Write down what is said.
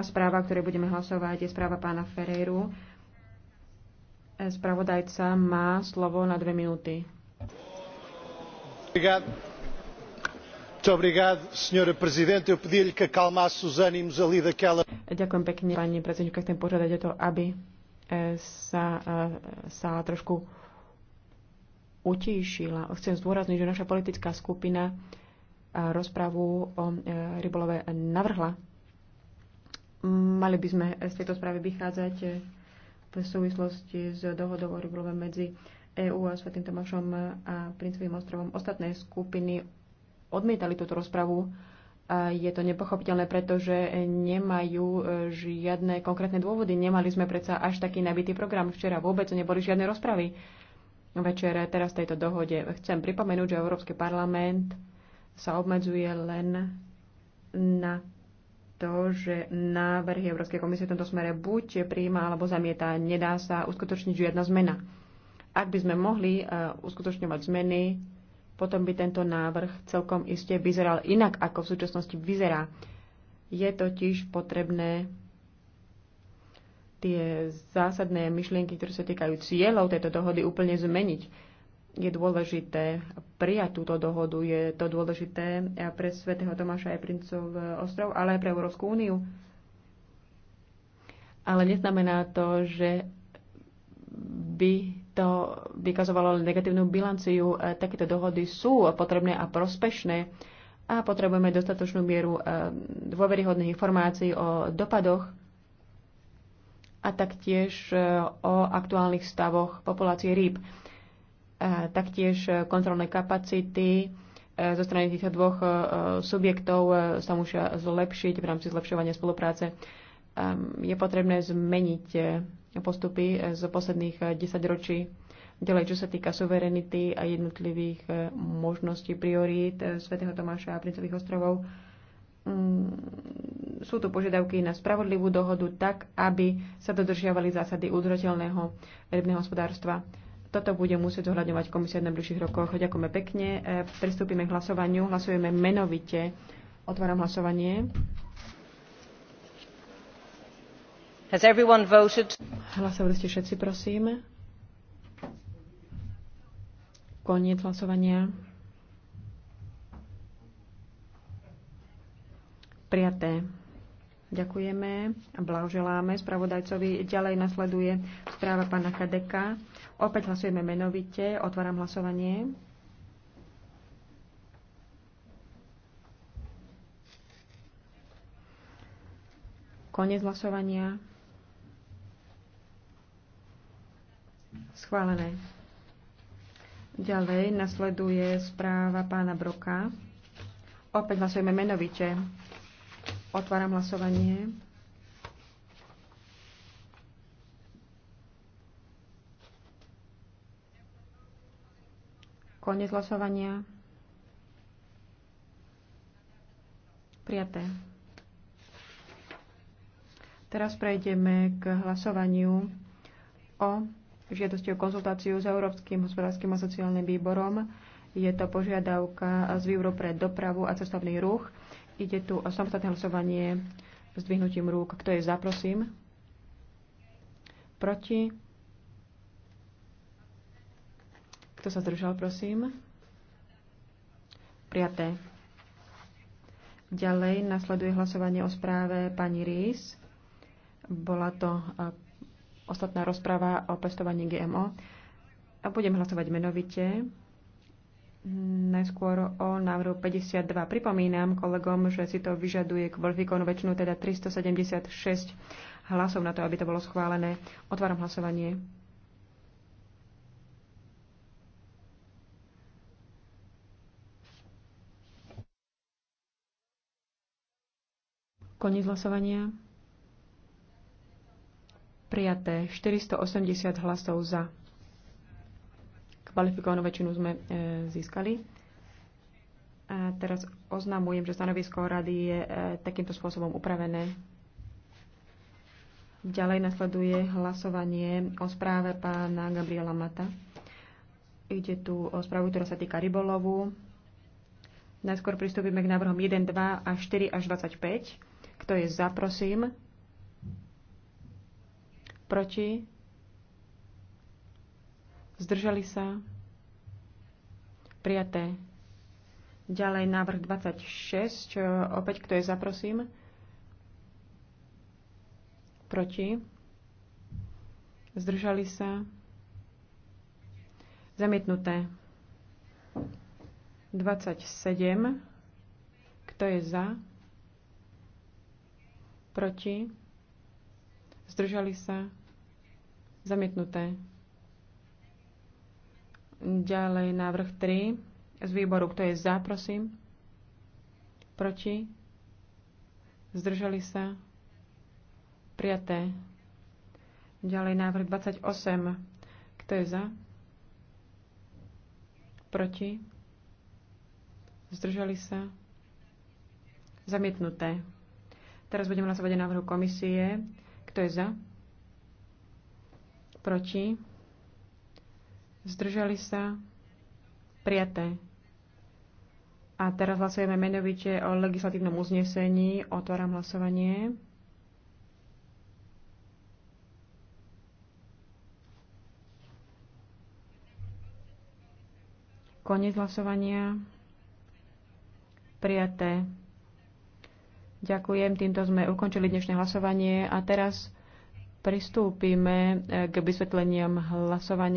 A správa, o ktorej budeme hlasovať, je správa pána Ferreiru. E, spravodajca má slovo na dve minúty. Ďakujem pekne, pani predsednička. Chcem požiadať o to, aby e, sa, e, sa trošku utíšila. Chcem zdôrazniť, že naša politická skupina rozpravu o rybolove navrhla mali by sme z tejto správy vychádzať eh, v súvislosti s dohodou o rybolove medzi EÚ a Svetým Tomášom a Princovým ostrovom. Ostatné skupiny odmietali túto rozpravu. A je to nepochopiteľné, pretože nemajú eh, žiadne konkrétne dôvody. Nemali sme predsa až taký nabitý program. Včera vôbec neboli žiadne rozpravy. Večer teraz tejto dohode. Chcem pripomenúť, že Európsky parlament sa obmedzuje len na to, že návrhy Európskej komisie v tomto smere buď príjma alebo zamieta, nedá sa uskutočniť žiadna zmena. Ak by sme mohli eh, uskutočňovať zmeny, potom by tento návrh celkom iste vyzeral inak, ako v súčasnosti vyzerá. Je totiž potrebné tie zásadné myšlienky, ktoré sa týkajú cieľov tejto dohody, úplne zmeniť je dôležité prijať túto dohodu, je to dôležité pre svätého Tomáša aj princov ostrov, ale aj pre Európsku úniu. Ale neznamená to, že by to vykazovalo negatívnu bilanciu. Takéto dohody sú potrebné a prospešné a potrebujeme dostatočnú mieru eh, dôveryhodných informácií o dopadoch a taktiež eh, o aktuálnych stavoch populácie rýb. Taktiež kontrolné kapacity e, zo strany týchto dvoch e, subjektov e, sa musia zlepšiť v rámci zlepšovania spolupráce. Je potrebné zmeniť postupy z posledných 10 ročí. Ďalej, čo sa týka suverenity a jednotlivých možností priorít svätého Tomáša a Princových ostrovov, mm, sú tu požiadavky na spravodlivú dohodu tak, aby sa dodržiavali zásady udržateľného rybného hospodárstva. Toto bude musieť zohľadňovať komisia v najbližších rokoch. Ďakujeme pekne. E, pristúpime k hlasovaniu. Hlasujeme menovite. Otváram hlasovanie. Has everyone voted? Hlasovali ste všetci, prosím. Koniec hlasovania. Prijaté. Ďakujeme a blahoželáme spravodajcovi. Ďalej nasleduje správa pána Kadeka. Opäť hlasujeme menovite. Otváram hlasovanie. Konec hlasovania. Schválené. Ďalej nasleduje správa pána Broka. Opäť hlasujeme menovite. Otváram hlasovanie. Konec hlasovania. Prijaté. Teraz prejdeme k hlasovaniu o žiadosti o konzultáciu s Európskym hospodárskym a sociálnym výborom. Je to požiadavka z výboru pre dopravu a cestovný ruch. Ide tu o samostatné hlasovanie s dvihnutím rúk. Kto je za, prosím? Proti? Kto sa zdržal, prosím? Prijaté. Ďalej nasleduje hlasovanie o správe pani Rís. Bola to e, ostatná rozpráva o pestovaní GMO. A budem hlasovať menovite najskôr o návrhu 52. Pripomínam kolegom, že si to vyžaduje kvalifikovanú väčšinu, teda 376 hlasov na to, aby to bolo schválené. Otváram hlasovanie. Koniec hlasovania. Prijaté 480 hlasov za. Kvalifikovanú väčšinu sme e, získali. A teraz oznamujem, že stanovisko rady je e, takýmto spôsobom upravené. Ďalej nasleduje hlasovanie o správe pána Gabriela Mata. Ide tu o správu, ktorá sa týka rybolovu. Najskôr pristúpime k návrhom 1, 2 a 4 až 25. Kto je za, prosím? Proti? Zdržali sa? Prijaté. Ďalej návrh 26. Čo opäť kto je za, prosím? Proti? Zdržali sa? Zamietnuté. 27. Kto je za? Proti? Zdržali sa? Zamietnuté. Ďalej návrh 3 z výboru, kto je za, prosím. Proti? Zdržali sa? Prijaté. Ďalej návrh 28. Kto je za? Proti? Zdržali sa? Zamietnuté. Teraz budeme hlasovať o návrhu komisie. Kto je za? Proti? Zdržali sa? Prijaté. A teraz hlasujeme menovite o legislatívnom uznesení. Otváram hlasovanie. Koniec hlasovania. Prijaté. Ďakujem, týmto sme ukončili dnešné hlasovanie a teraz pristúpime k vysvetleniam hlasovania.